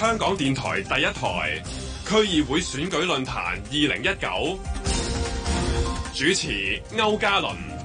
香港電台第一台區議會選舉論壇二零一九，主持歐嘉倫。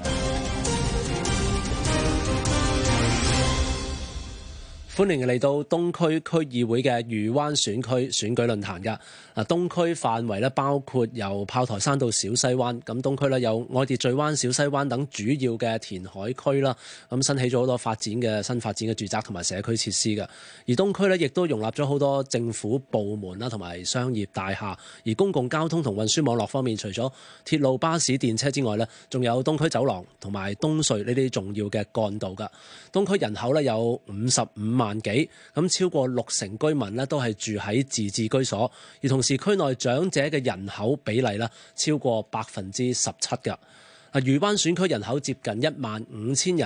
歡迎嚟到東區區議會嘅漁灣選區選舉論壇㗎。嗱，東區範圍咧包括由炮台山到小西灣，咁東區咧有愛秩序灣、小西灣等主要嘅填海區啦。咁新起咗好多發展嘅新發展嘅住宅同埋社區設施㗎。而東區咧亦都容納咗好多政府部門啦，同埋商業大廈。而公共交通同運輸網絡方面，除咗鐵路、巴士、電車之外咧，仲有東區走廊同埋東隧呢啲重要嘅幹道㗎。東區人口咧有五十五萬萬幾咁，超過六成居民咧都係住喺自治居所，而同時區內長者嘅人口比例啦，超過百分之十七嘅。啊，漁灣選區人口接近一萬五千人，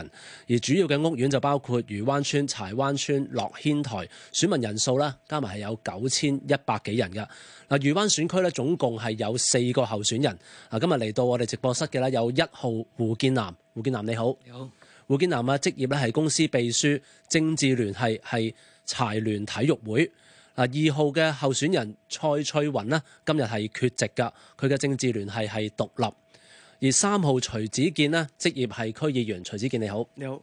而主要嘅屋苑就包括漁灣村、柴灣村、樂軒台，選民人數啦加埋係有九千一百幾人嘅。嗱，漁灣選區咧總共係有四個候選人。嗱，今日嚟到我哋直播室嘅啦，有一號胡建南，胡建南你好。你好。胡建南啊，職業咧係公司秘書，政治聯繫係柴聯體育會。嗱，二號嘅候選人蔡翠雲咧，今日係缺席㗎，佢嘅政治聯繫係獨立。而三號徐子健咧，職業係區議員，徐子健你好，你好。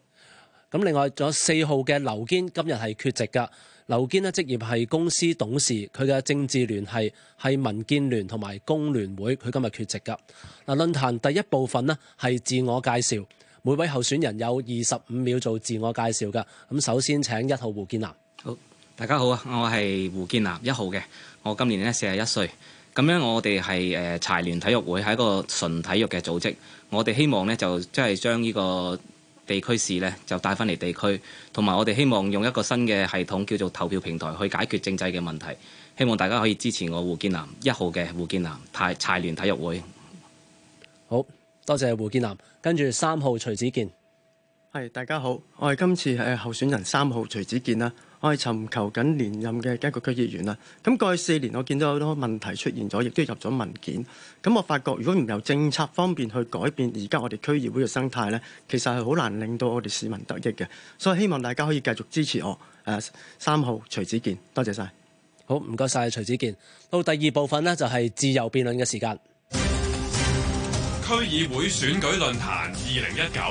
咁另外仲有四號嘅劉堅，今日係缺席㗎。劉堅咧職業係公司董事，佢嘅政治聯繫係民建聯同埋工聯會，佢今日缺席㗎。嗱，論壇第一部分呢，係自我介紹。每位候選人有二十五秒做自我介紹㗎，咁首先請一號胡建南。好，大家好啊，我係胡建南一號嘅，我今年呢四十一歲。咁樣，我哋係誒柴聯體育會係一個純體育嘅組織，我哋希望呢，就即係將呢個地區市呢，就帶翻嚟地區，同埋我哋希望用一個新嘅系統叫做投票平台去解決政制嘅問題。希望大家可以支持我胡建南一號嘅胡建南，太柴聯體育會。好。多謝胡建南，跟住三號徐子健。係，大家好，我係今次誒候選人三號徐子健啦，我係尋求緊連任嘅一個區議員啦。咁過去四年，我見到好多問題出現咗，亦都入咗文件。咁我發覺，如果唔由政策方面去改變，而家我哋區議會嘅生態呢，其實係好難令到我哋市民得益嘅。所以希望大家可以繼續支持我，誒，三號徐子健，多謝晒。好，唔該晒徐子健。到第二部分呢，就係自由辯論嘅時間。區議會選舉論壇二零一九，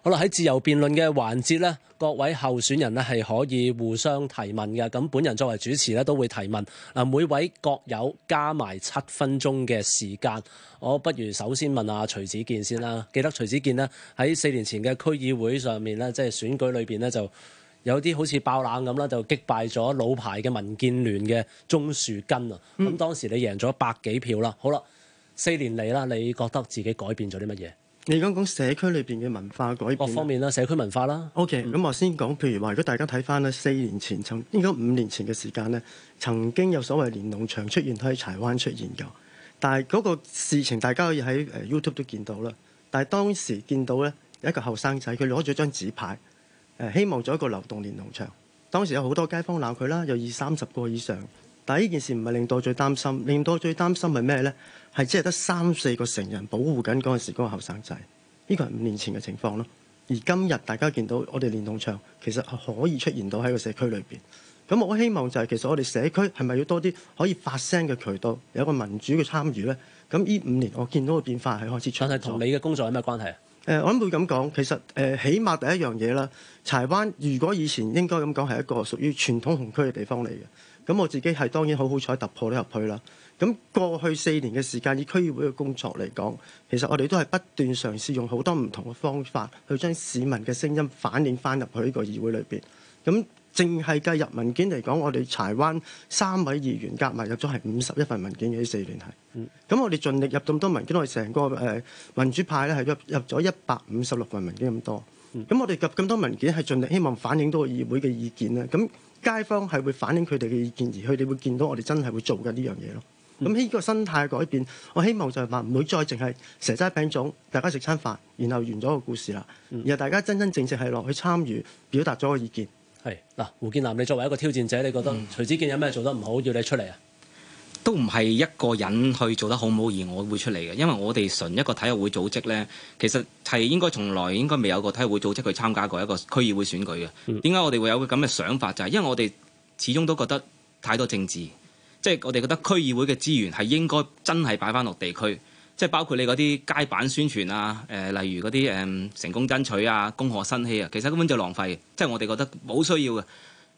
好啦，喺自由辯論嘅環節咧，各位候選人咧係可以互相提問嘅。咁本人作為主持咧都會提問。嗱，每位各有加埋七分鐘嘅時間。我不如首先問下徐子健先啦。記得徐子健呢喺四年前嘅區議會上面咧，即係選舉裏邊咧就。有啲好似爆冷咁啦，就擊敗咗老牌嘅民建聯嘅鍾樹根啊。咁、嗯、當時你贏咗百幾票啦。好啦，四年嚟啦，你覺得自己改變咗啲乜嘢？你講講社區裏邊嘅文化改變各方面啦，社區文化啦。O.K. 咁我先講，譬如話，如果大家睇翻咧，四年前曾應該五年前嘅時間咧，曾經有所謂連儂牆出現，都喺柴灣出現嘅。但係嗰個事情大家可以喺誒 YouTube 都見到啦。但係當時見到咧有一個後生仔，佢攞咗張紙牌。誒希望做一個流動連動場，當時有好多街坊鬧佢啦，有二三十個以上。但係呢件事唔係令到我最擔心，令到我最擔心係咩呢？係只係得三四個成人保護緊嗰陣時嗰個後生仔。呢個係五年前嘅情況咯。而今日大家見到我哋連動場其實係可以出現到喺個社區裏邊。咁我希望就係其實我哋社區係咪要多啲可以發聲嘅渠道，有一個民主嘅參與呢？咁呢五年我見到嘅變化係開始出現。但同你嘅工作有咩關係？誒、嗯，我諗會咁講。其實，誒、呃，起碼第一樣嘢啦，柴灣如果以前應該咁講係一個屬於傳統紅區嘅地方嚟嘅。咁我自己係當然好好彩突破咗入去啦。咁過去四年嘅時間，以區議會嘅工作嚟講，其實我哋都係不斷嘗試用好多唔同嘅方法去將市民嘅聲音反映翻入去呢個議會裏邊。咁淨係計入文件嚟講，我哋柴灣三位議員夾埋入咗係五十一份文件嘅呢四年係。咁、嗯、我哋盡力入咁多文件，我哋成個誒、呃、民主派咧係入入咗一百五十六份文件咁多。咁、嗯、我哋入咁多文件係盡力希望反映到個議會嘅意見啦。咁街坊係會反映佢哋嘅意見，而佢哋會見到我哋真係會做嘅呢樣嘢咯。咁呢、嗯、個生態改變，我希望就係話唔會再淨係蛇齋餅糭，大家食餐飯，然後完咗個故事啦。嗯、然後大家真真正正係落去參與，表達咗個意見。係嗱，胡建南，你作為一個挑戰者，你覺得徐子健有咩做得唔好，要你出嚟啊？都唔係一個人去做得好唔好而我會出嚟嘅，因為我哋純一個體育會組織呢，其實係應該從來應該未有個體育會組織去參加過一個區議會選舉嘅。點解、嗯、我哋會有個咁嘅想法就係、是，因為我哋始終都覺得太多政治，即、就、係、是、我哋覺得區議會嘅資源係應該真係擺翻落地區。即係包括你嗰啲街板宣傳啊，誒、呃、例如嗰啲誒成功爭取啊，恭賀新禧啊，其實根本就浪費，即係我哋覺得冇需要嘅。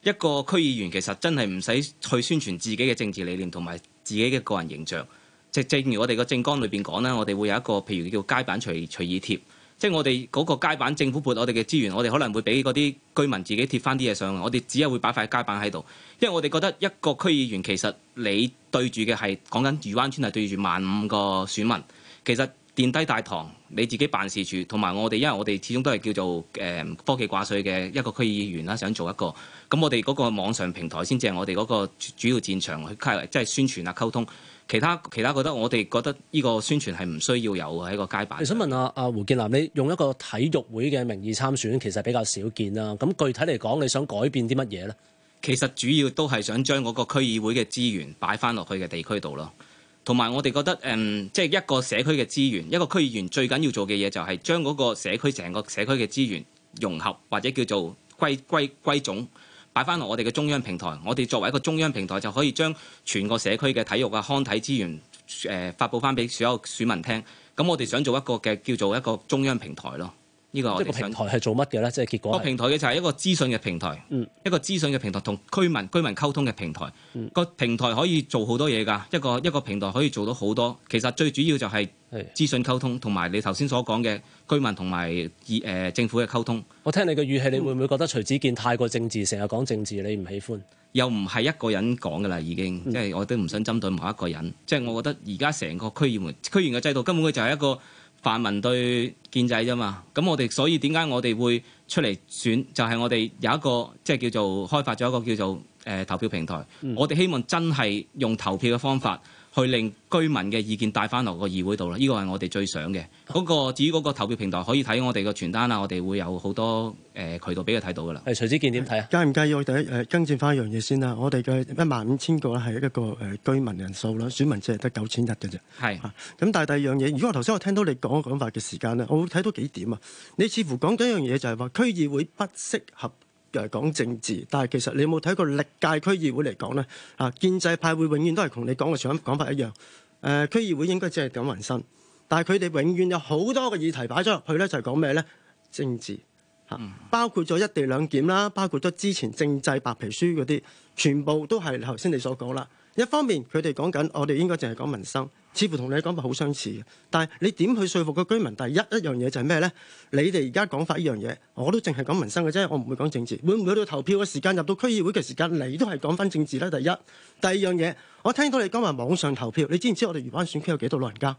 一個區議員其實真係唔使去宣傳自己嘅政治理念同埋自己嘅個人形象，即正如我哋個政綱裏邊講啦，我哋會有一個譬如叫街板隨隨意貼。即係我哋嗰個街板，政府撥我哋嘅資源，我哋可能會俾嗰啲居民自己貼翻啲嘢上。我哋只係會擺塊街板喺度，因為我哋覺得一個區議員其實你對住嘅係講緊漁灣村係對住萬五個選民，其實電梯大堂。你自己辦事處，同埋我哋，因為我哋始終都係叫做誒、呃、科技掛帥嘅一個區議員啦，想做一個，咁我哋嗰個網上平台先至係我哋嗰個主要戰場去即係宣傳啊、溝通。其他其他覺得我哋覺得呢個宣傳係唔需要有喺個街板。我想問下阿胡建南，你用一個體育會嘅名義參選，其實比較少見啦。咁具體嚟講，你想改變啲乜嘢咧？其實主要都係想將嗰個區議會嘅資源擺翻落去嘅地區度咯。同埋我哋覺得，誒、嗯，即、就、係、是、一個社區嘅資源，一個區議員最緊要做嘅嘢就係將嗰個社區成個社區嘅資源融合，或者叫做歸歸歸總，擺翻落我哋嘅中央平台。我哋作為一個中央平台，就可以將全個社區嘅體育啊、康體資源誒、呃，發布翻俾所有市民聽。咁我哋想做一個嘅叫做一個中央平台咯。呢個一平台係做乜嘅呢？即係結果個平台嘅就係一個資訊嘅平台，嗯、一個資訊嘅平台同居民居民溝通嘅平台。平台嗯、個平台可以做好多嘢㗎，一個一個平台可以做到好多。其實最主要就係資訊溝通，同埋你頭先所講嘅居民同埋二誒政府嘅溝通。我聽你嘅語氣，嗯、你會唔會覺得徐子見太過政治，成日講政治，你唔喜歡？又唔係一個人講㗎啦，已經，即係、嗯、我都唔想針對某一個人。即係我覺得而家成個區議會區議員嘅制度根本佢就係一個。泛民對建制啫嘛，咁我哋所以點解我哋會出嚟選，就係、是、我哋有一個即係、就是、叫做開發咗一個叫做誒、呃、投票平台，嗯、我哋希望真係用投票嘅方法。去令居民嘅意見帶翻落個議會度啦，呢個係我哋最想嘅。嗰、嗰個至於嗰個投票平台，可以睇我哋嘅傳單啦，我哋會有好多誒、呃、渠道俾佢睇到㗎啦。係徐子健點睇啊？介唔介意我哋誒更正翻一樣嘢先啊？我哋嘅一萬五千個係一個誒居民人數啦，選民只係得九千一嘅。係嚇是。咁但係第二樣嘢，如果我頭先我聽到你講講法嘅時間啦，我會睇到幾點啊？你似乎講緊一樣嘢就係話區議會不適合。就係講政治，但係其實你有冇睇過歷屆區議會嚟講咧？啊，建制派會永遠都係同你講嘅想講法一樣。誒、呃，區議會應該只係講民生，但係佢哋永遠有好多嘅議題擺咗入去咧，就係講咩咧？政治。包括咗一地兩檢啦，包括咗之前政制白皮書嗰啲，全部都係頭先你所講啦。一方面佢哋講緊，我哋應該淨係講民生，似乎同你嘅講法好相似嘅。但係你點去説服個居民？第一一樣嘢就係咩呢？你哋而家講法一樣嘢，我都淨係講民生嘅啫，我唔會講政治。會唔會到投票嘅時間，入到區議會嘅時間，你都係講翻政治咧？第一，第二樣嘢，我聽到你講話網上投票，你知唔知我哋漁灣選區有幾多老人家？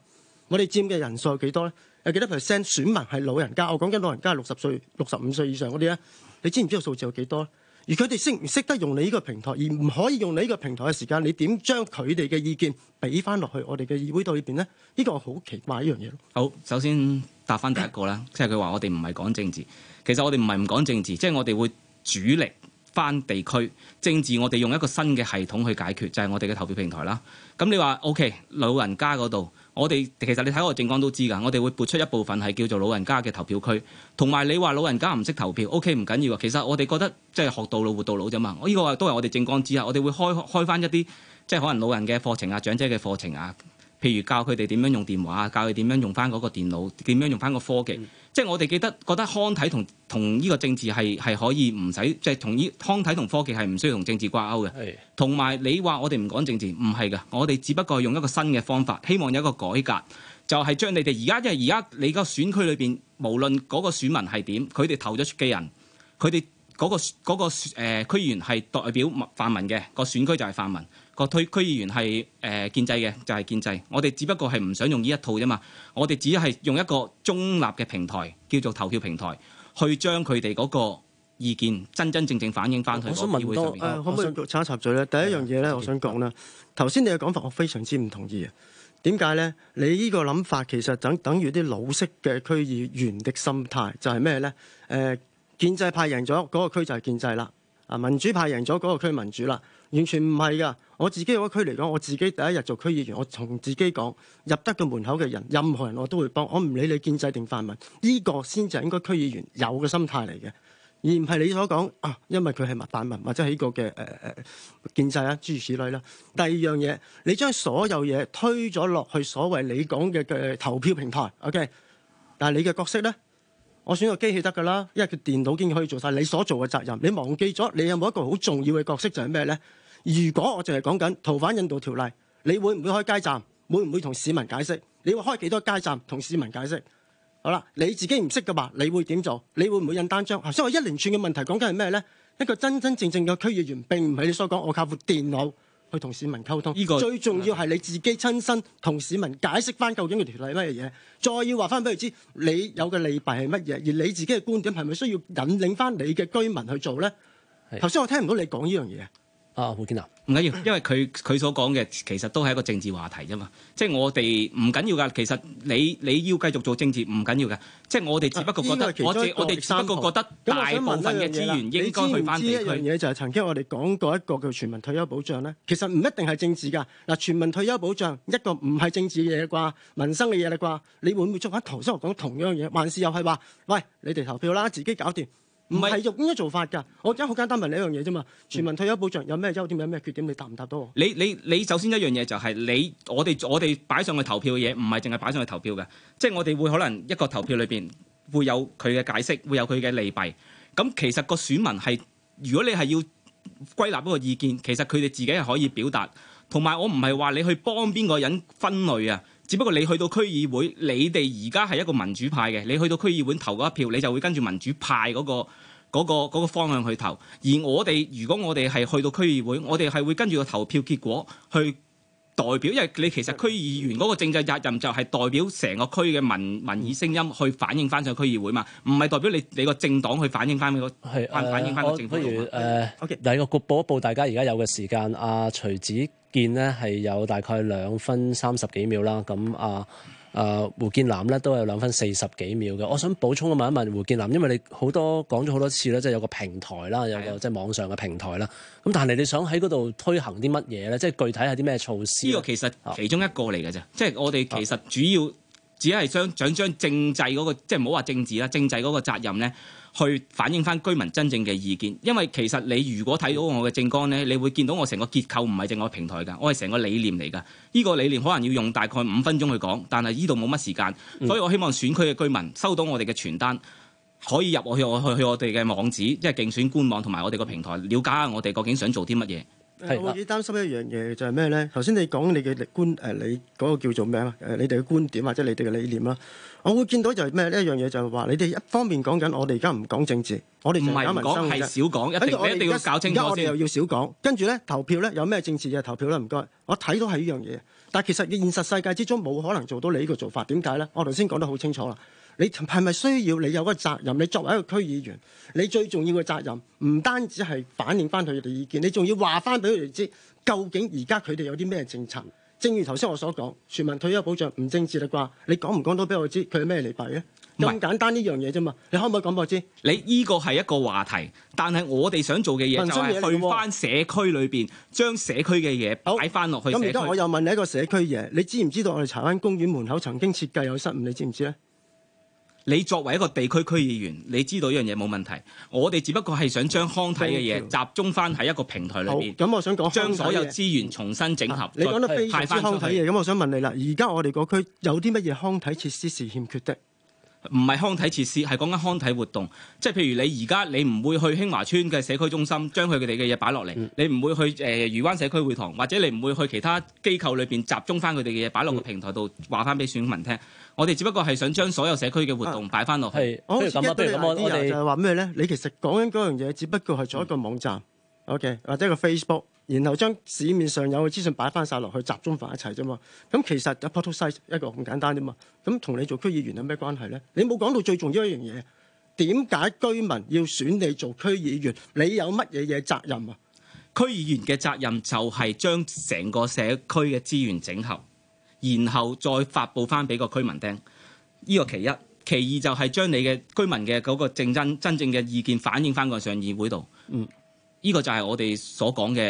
我哋佔嘅人數有幾多咧？有幾多 percent 選民係老人家？我講緊老人家係六十歲、六十五歲以上嗰啲咧。你知唔知道數字有幾多咧？而佢哋識唔識得用你呢個平台，而唔可以用你呢個平台嘅時間，你點將佢哋嘅意見俾翻落去我哋嘅議會度裏邊咧？呢、這個好奇怪一樣嘢。好，首先答翻第一個啦， 即係佢話我哋唔係講政治。其實我哋唔係唔講政治，即係我哋會主力翻地區政治。我哋用一個新嘅系統去解決，就係、是、我哋嘅投票平台啦。咁你話 OK，老人家嗰度？我哋其實你睇我政綱都知㗎，我哋會撥出一部分係叫做老人家嘅投票區，同埋你話老人家唔識投票，OK 唔緊要喎。其實我哋覺得即係學到老活到老啫嘛。我、這、呢個都係我哋政綱之下，我哋會開開翻一啲即係可能老人嘅課程啊、長者嘅課程啊。譬如教佢哋點樣用電話，教佢點樣用翻嗰個電腦，點樣用翻個科技。嗯、即係我哋記得覺得康體同同依個政治係係可以唔使，即、就、係、是、同呢康體同科技係唔需要同政治掛鈎嘅。同埋的你話我哋唔講政治，唔係嘅，我哋只不過用一個新嘅方法，希望有一個改革，就係、是、將你哋而家，因為而家你個選區裏邊，無論嗰個選民係點，佢哋投咗嘅人，佢哋嗰個嗰、那個誒、那個呃、區議員係代表泛民嘅、那個選區就係泛民。個區區議員係誒建制嘅，就係建制。我哋只不過係唔想用呢一套啫嘛。我哋只係用一個中立嘅平台叫做投票平台，去將佢哋嗰個意見真真正正反映翻去。我想問多誒、呃，可唔可以插一插嘴咧？第一樣嘢咧，我想講咧，頭先你嘅講法，我非常之唔同意。點解咧？你呢個諗法其實等等於啲老式嘅區議員嘅心態，就係咩咧？誒，建制派贏咗嗰個區就係建制啦，啊，民主派贏咗嗰個區民主啦，完全唔係噶。我自己個區嚟講，我自己第一日做區議員，我同自己講入得個門口嘅人，任何人我都會幫，我唔理你建制定泛民，呢、這個先就應該區議員有嘅心態嚟嘅，而唔係你所講啊，因為佢係泛民或者係一個嘅誒誒建制啦、啊，諸如此類啦、啊。第二樣嘢，你將所有嘢推咗落去所謂你講嘅嘅投票平台，OK，但係你嘅角色咧，我選個機器得㗎啦，因為佢電腦已經可以做晒你所做嘅責任。你忘記咗你有冇一個好重要嘅角色就係咩咧？如果我淨係講緊逃犯引渡條例，你會唔會開街站？會唔會同市民解釋？你會開幾多街站同市民解釋？好啦，你自己唔識㗎嘛？你會點做？你會唔會印單張？頭先我一連串嘅問題講緊係咩呢？一個真真正正嘅區議員並唔係你所講，我靠部電腦去同市民溝通。呢這個最重要係你自己親身同市民解釋翻究竟個條例乜嘢的再要話翻俾佢知你有嘅利弊係乜嘢，而你自己嘅觀點係咪需要引領翻你嘅居民去做呢？頭先的我聽唔到你講呢樣嘢。啊，胡建南，唔緊要，因為佢佢所講嘅其實都係一個政治話題啫嘛。即係我哋唔緊要㗎，其實你你要繼續做政治唔緊要㗎。即係我哋只不過覺得，我哋三個覺得大部分嘅資源應該去翻。佢呢樣嘢就係曾經我哋講過一個叫全民退休保障咧，其實唔一定係政治㗎。嗱、啊，全民退休保障一個唔係政治嘅嘢啩，民生嘅嘢啦啩。你會唔會做翻頭先我講同樣嘢？還是又係話，喂，你哋投票啦，自己搞掂。唔係用呢個做法㗎，我而家好簡單問你一樣嘢啫嘛。全民退休保障有咩優點、嗯、點，有咩缺點，你答唔答到？你你你首先一樣嘢就係你我哋我哋擺上去投票嘅嘢，唔係淨係擺上去投票嘅，即係我哋會可能一個投票裏邊會有佢嘅解釋，會有佢嘅利弊。咁其實個選民係如果你係要歸納嗰個意見，其實佢哋自己係可以表達。同埋我唔係話你去幫邊個人分類啊。只不過你去到區議會，你哋而家係一個民主派嘅，你去到區議會投嗰一票，你就會跟住民主派嗰個嗰個嗰個方向去投。而我哋如果我哋係去到區議會，我哋係會跟住個投票結果去代表，因為你其實區議員嗰個政治責任就係代表成個區嘅民、嗯、民意聲音去反映翻上區議會嘛，唔係代表你你個政黨去反映翻個、呃、反映翻個政府。不如誒，OK 第一個報一報大家而家有嘅時間，阿徐子。見咧係有大概兩分三十幾秒啦。咁啊啊胡建南咧都係兩分四十幾秒嘅。我想補充問一問胡建南，因為你好多講咗好多次咧，即係有個平台啦，有個即係網上嘅平台啦。咁但係你想喺嗰度推行啲乜嘢咧？即係具體係啲咩措施？呢個其實其中一個嚟嘅啫，即係，啊，我哋其實主要只係將掌將政制嗰個，即係唔好話政治啦，政制嗰個責任咧。去反映翻居民真正嘅意見，因為其實你如果睇到我嘅政綱呢，你會見到我成個結構唔係淨係我嘅平台㗎，我係成個理念嚟㗎。呢個理念可能要用大概五分鐘去講，但係呢度冇乜時間，所以我希望選區嘅居民收到我哋嘅傳單，可以入我去我去去我哋嘅網址，即係競選官網同埋我哋個平台，了解下我哋究竟想做啲乜嘢。我會幾擔心一樣嘢就係咩咧？頭先你講你嘅觀誒，你嗰、嗰個叫做咩啊？誒、呃，你哋嘅觀點或者你哋嘅理念啦，我會見到就係咩呢？一樣嘢就係話你哋一方面講緊，我哋而家唔講政治，我哋唔係講，係少講。跟住我哋而家搞清楚而家我哋又要少講。跟住咧投票咧有咩政治嘅投票咧？唔該，我睇到係呢樣嘢，但係其實現實世界之中冇可能做到你呢個做法，點解咧？我頭先講得好清楚啦。你係咪需要你有個責任？你作為一個區議員，你最重要嘅責任唔單止係反映翻佢哋嘅意見，你仲要話翻俾佢哋知，究竟而家佢哋有啲咩政策。正如頭先我所講，全民退休保障唔政治啦啩？你講唔講到俾我知佢係咩利弊咧？咁唔係簡單呢樣嘢啫嘛，你可唔可以講俾我知？你呢個係一個話題，但係我哋想做嘅嘢就係去翻社區裏邊，將社區嘅嘢擺翻落去。咁而家我又問你一個社區嘢，你知唔知道我哋柴灣公園門口曾經設計有失誤？你知唔知咧？你作為一個地區區議員，你知道依樣嘢冇問題。我哋只不過係想將康體嘅嘢集中翻喺一個平台裏面，將、嗯、所有資源重新整合。嗯、你講得非常之好。咁我想問你啦，而家我哋個區有啲乜嘢康體設施是欠缺的？唔係康體設施，係講緊康體活動，即係譬如你而家你唔會去興華村嘅社區中心將佢哋嘅嘢擺落嚟，嗯、你唔會去誒、呃、漁灣社區會堂，或者你唔會去其他機構裏邊集中翻佢哋嘅嘢擺落個平台度話翻俾選民聽。我哋只不過係想將所有社區嘅活動擺翻落去。啊、譬如我好似啲有啲人就係話咩咧？你其實講緊嗰樣嘢，只不過係做一個網站、嗯、OK，或者一個 Facebook。然後將市面上有嘅資訊擺翻晒落去，集中翻一齊啫嘛。咁其實 a 一個咁簡單啫嘛。咁同你做區議員有咩關係呢？你冇講到最重要一樣嘢，點解居民要選你做區議員？你有乜嘢嘢責任啊？區議員嘅責任就係將成個社區嘅資源整合，然後再發布翻俾個區民聽。呢、這個其一，其二就係將你嘅居民嘅嗰個正真真正嘅意見反映翻個上議會度。嗯。呢個就係我哋所講嘅。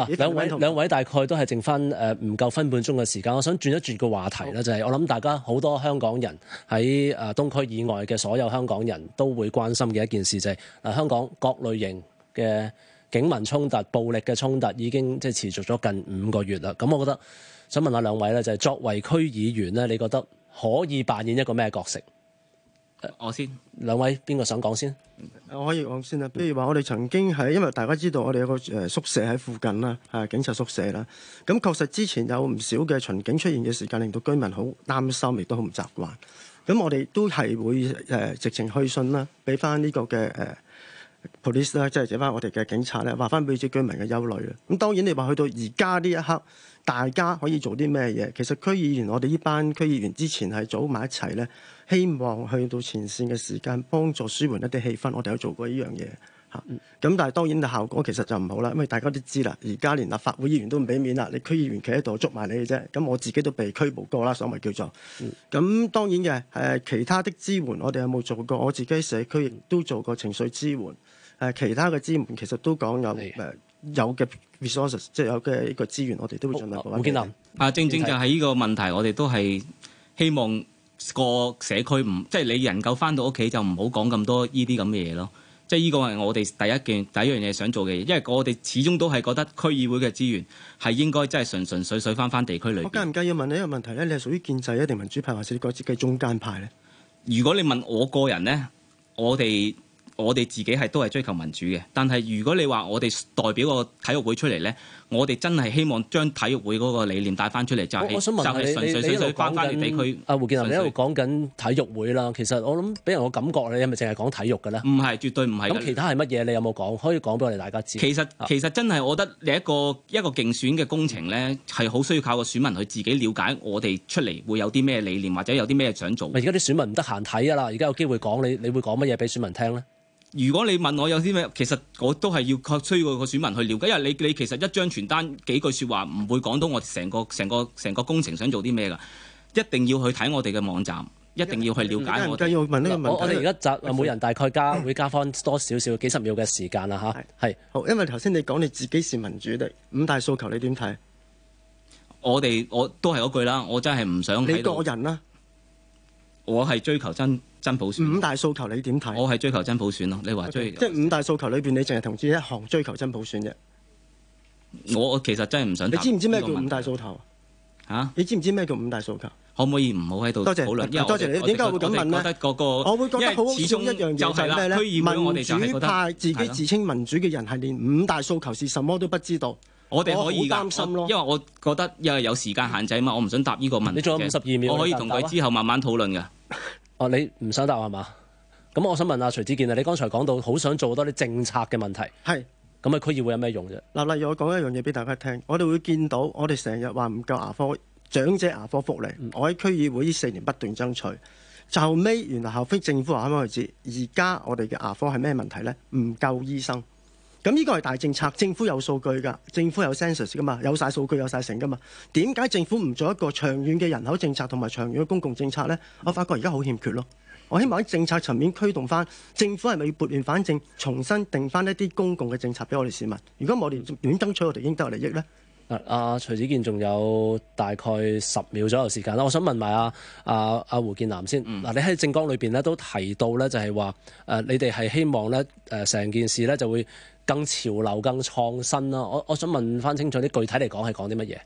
啊、兩位兩位大概都係剩翻誒唔夠分半鐘嘅時間。我想轉一轉個話題啦，就係我諗大家好多香港人喺誒東區以外嘅所有香港人都會關心嘅一件事，就係誒香港各類型嘅警民衝突、暴力嘅衝突已經即係持續咗近五個月啦。咁我覺得想問下兩位咧，就係作為區議員咧，你覺得可以扮演一個咩角色？我先兩位邊個想講先？我可以講先啦。譬如話，我哋曾經喺，因為大家知道我哋有個誒宿舍喺附近啦，係、啊、警察宿舍啦。咁確實之前有唔少嘅巡警出現嘅時間，令到居民好擔心，亦都好唔習慣。咁我哋都係會誒、啊，直情去信啦，俾翻呢個嘅誒、啊、police 啦，即係寫翻我哋嘅警察咧，話翻俾啲居民嘅憂慮啊。咁當然你話去到而家呢一刻，大家可以做啲咩嘢？其實區議員，我哋呢班區議員之前係組埋一齊呢，希望去到前線嘅時間，幫助舒緩一啲氣氛。我哋有做過呢樣嘢吓。咁、嗯、但係當然嘅效果其實就唔好啦，因為大家都知啦。而家連立法會議員都唔俾面啦，你區議員企喺度捉埋你嘅啫。咁我自己都被拘捕過啦，所謂叫做。咁、嗯、當然嘅誒，其他的支援我哋有冇做過？我自己社區亦都做過情緒支援，誒其他嘅支援其實都講有誒。有嘅 resources，即係有嘅一個資源，好我哋都會盡力去建林，啊對正正就喺呢個問題，我哋都係希望個社區唔，即係你能夠翻到屋企就唔好講咁多呢啲咁嘅嘢咯。即係呢個係我哋第一件第一樣嘢想做嘅嘢，因為我哋始終都係覺得區議會嘅資源係應該真係純純粹粹翻翻地區裏邊。我介唔介意問你一個問題咧？你係屬於建制一定民主派，還是改設計中間派咧？如果你問我個人咧，我哋。我哋自己係都係追求民主嘅，但係如果你話我哋代表個體育會出嚟咧，我哋真係希望將體育會嗰個理念帶翻出嚟，就係就係純粹想翻緊俾佢。阿胡建林，你喺度講緊體育會啦，其實我諗俾人個感覺你係咪淨係講體育嘅咧？唔係，絕對唔係。咁其他係乜嘢？你有冇講？可以講俾我哋大家知。其實其實真係，我覺得你一個一個競選嘅工程咧，係好需要靠個選民去自己了解我哋出嚟會有啲咩理念，或者有啲咩想做。而家啲選民唔得閒睇啊啦！而家有機會講你，你會講乜嘢俾選民聽咧？如果你問我有啲咩，其實我都係要確需要個選民去了解，因為你你其實一張傳單幾句説話唔會講到我成個成個成個工程想做啲咩噶，一定要去睇我哋嘅網站，一定要去了解我。有人繼續問呢個問題。我哋而家集每人大概加會加翻多多少少幾十秒嘅時間啦嚇。係、啊。好，因為頭先你講你自己是民主的五大訴求你，你點睇？我哋我都係嗰句啦，我真係唔想你個人啦。我係追求真真普選。五大訴求你點睇？我係追求真普選咯。你話追，即係五大訴求裏邊，你淨係同這一行追求真普選啫。我其實真係唔想。你知唔知咩叫五大訴求？嚇！你知唔知咩叫五大訴求？可唔可以唔好喺度多謝。因為多謝你點解會噉問呢？我會覺得始終一樣嘢就係咩咧？民主派自己自稱民主嘅人係連五大訴求是什麼都不知道。我哋可以、哦、擔心咯，因為我覺得因為有時間限制嘛，我唔想答呢個問題。你仲有五十二秒，我可以同佢之後慢慢討論嘅。哦，你唔想答係嘛？咁我想問阿徐子健啊，你剛才講到好想做多啲政策嘅問題。係是。咁啊，區議會有咩用啫？嗱，例如我講一樣嘢俾大家聽，我哋會見到我哋成日話唔夠牙科長者牙科福利，我喺區議會呢四年不斷爭取，就尾原來校非政府話俾我知，而家我哋嘅牙科係咩問題咧？唔夠醫生。咁呢個係大政策，政府有數據㗎，政府有 census 㗎嘛，有晒數據有晒成㗎嘛，點解政府唔做一個長遠嘅人口政策同埋長遠嘅公共政策呢？我發覺而家好欠缺咯。我希望喺政策層面驅動翻，政府係咪要撥亂反正，重新定翻一啲公共嘅政策俾我哋市民？如果我哋點爭取我哋應得嘅利益呢？阿徐子健，仲有大概十秒左右時間啦。我想問埋阿阿阿胡建南先嗱。嗯、你喺政綱裏邊咧都提到咧，就係話誒，你哋係希望咧誒成件事咧就會更潮流、更創新啦。我我想問翻清楚啲，具體嚟講係講啲乜嘢，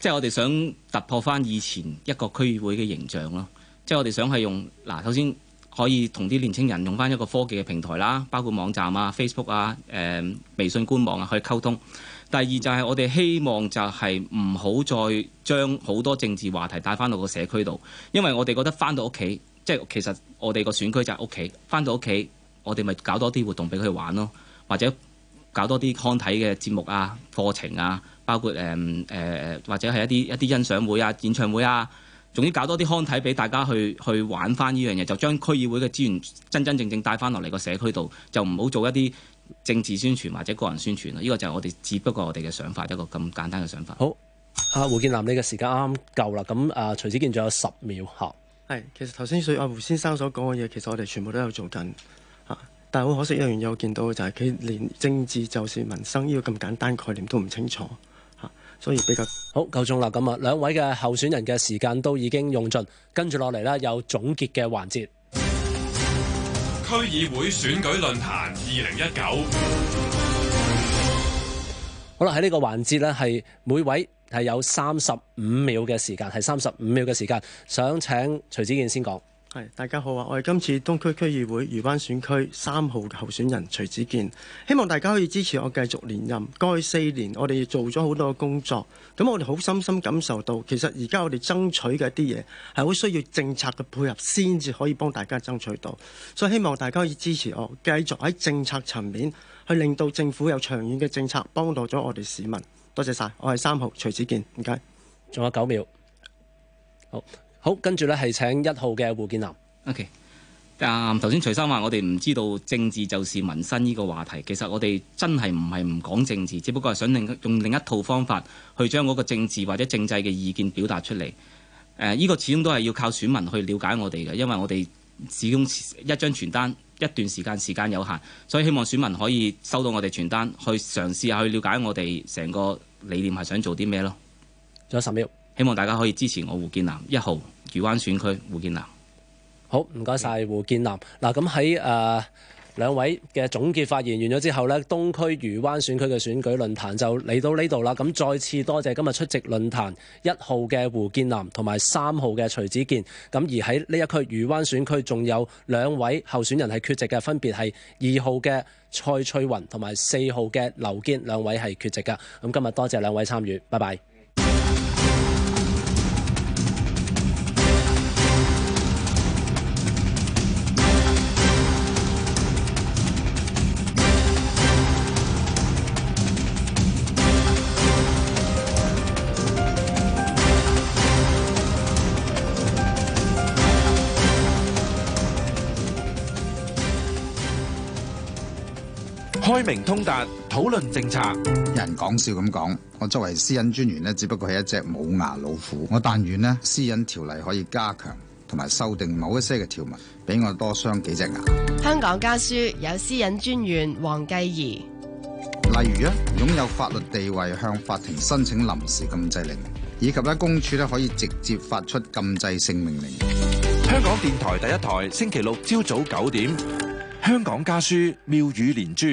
即係我哋想突破翻以前一個區議會嘅形象咯。即係我哋想係用嗱，首先可以同啲年輕人用翻一個科技嘅平台啦，包括網站啊、Facebook 啊、誒微信官網啊去溝通。第二就係我哋希望就係唔好再將好多政治話題帶翻到個社區度，因為我哋覺得翻到屋企，即係其實我哋個選區就係屋企。翻到屋企，我哋咪搞多啲活動俾佢玩咯，或者搞多啲康體嘅節目啊、課程啊，包括誒誒、嗯呃、或者係一啲一啲欣賞會啊、演唱會啊，總之搞多啲康體俾大家去去玩翻呢樣嘢，就將區議會嘅資源真真正正帶翻落嚟個社區度，就唔好做一啲政治宣傳或者個人宣傳咯，依、呢個就係我哋，只不過我哋嘅想法一個咁簡單嘅想法。想法好，阿、啊、胡建南，你嘅時間啱夠啦。咁啊，徐子健仲有十秒嚇。係、啊，其實頭先所以阿胡先生所講嘅嘢，其實我哋全部都有做緊、啊、但係好可惜一樣嘢，我見到嘅就係佢連政治，就算民生呢、呢個咁簡單概念都唔清楚嚇、啊，所以比較好夠鐘啦。咁啊，兩位嘅候選人嘅時間都已經用盡，跟住落嚟啦，有總結嘅環節。區議會選舉論壇二零一九，好喇，喺呢個環節呢，係每位係有三十五秒嘅時間，係三十五秒嘅時間，想請徐子健先講。係大家好啊！我係今次東區區議會漁灣選區三號候選人徐子健，希望大家可以支持我繼續連任。過去四年，我哋做咗好多工作，咁我哋好深深感受到，其實而家我哋爭取嘅一啲嘢係好需要政策嘅配合，先至可以幫大家爭取到。所以希望大家可以支持我，繼續喺政策層面去令到政府有長遠嘅政策，幫到咗我哋市民。多謝晒，我係三號徐子健，唔該。仲有九秒，好。好，跟住呢，係請一號嘅胡建南。OK，咁頭先徐生話我哋唔知道政治就是民生呢個話題，其實我哋真係唔係唔講政治，只不過係想另用另一套方法去將嗰個政治或者政制嘅意見表達出嚟。呢個始終都係要靠選民去了解我哋嘅，因為我哋始終一張傳單，一段時間，時間有限，所以希望選民可以收到我哋傳單，去嘗試下去了解我哋成個理念係想做啲咩咯。仲有十秒，希望大家可以支持我胡建南一號。漁灣選區胡建南，好唔該晒。胡建南。嗱，咁喺誒兩位嘅總結發言完咗之後呢，東區漁灣選區嘅選舉論壇就嚟到呢度啦。咁再次多謝今日出席論壇一號嘅胡建南同埋三號嘅徐子健。咁而喺呢一區漁灣選區仲有兩位候選人係缺席嘅，分別係二號嘅蔡翠雲同埋四號嘅劉堅，兩位係缺席嘅。咁今日多謝兩位參與，拜拜。開明通達，討論政策。有人講笑咁講，我作為私隱專員呢，只不過係一隻冇牙老虎。我但願呢，私隱條例可以加強同埋修訂某一些嘅條文，俾我多傷幾隻牙。香港家書有私隱專員黃繼兒。例如啊，擁有法律地位向法庭申請臨時禁制令，以及咧公署咧可以直接發出禁制性命令。香港電台第一台星期六朝早九點，香港家書妙語連珠。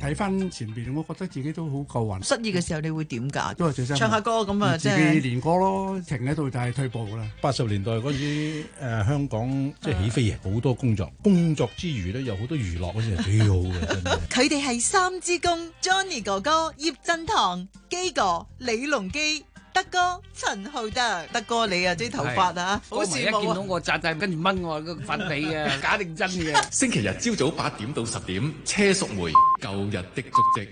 睇翻前邊，我覺得自己都好夠運。失意嘅時候你會點㗎？都係唱下歌咁啊，即係、就是、自己歌咯。停喺度就係退步啦。八十年代嗰陣時，香港即係起飛啊，好 多工作。工作之餘咧，有 好多娛樂，嗰啲係幾好嘅。佢哋係三支公，Johnny 哥哥、葉振棠、基哥、李隆基。德哥陳浩德，德哥你啊，即頭髮啊，好羨慕啊！一見到我扎低，跟住掹我個粉底嘅，假定真嘅。 星期日朝早八點到十點，車淑梅，舊日的足跡。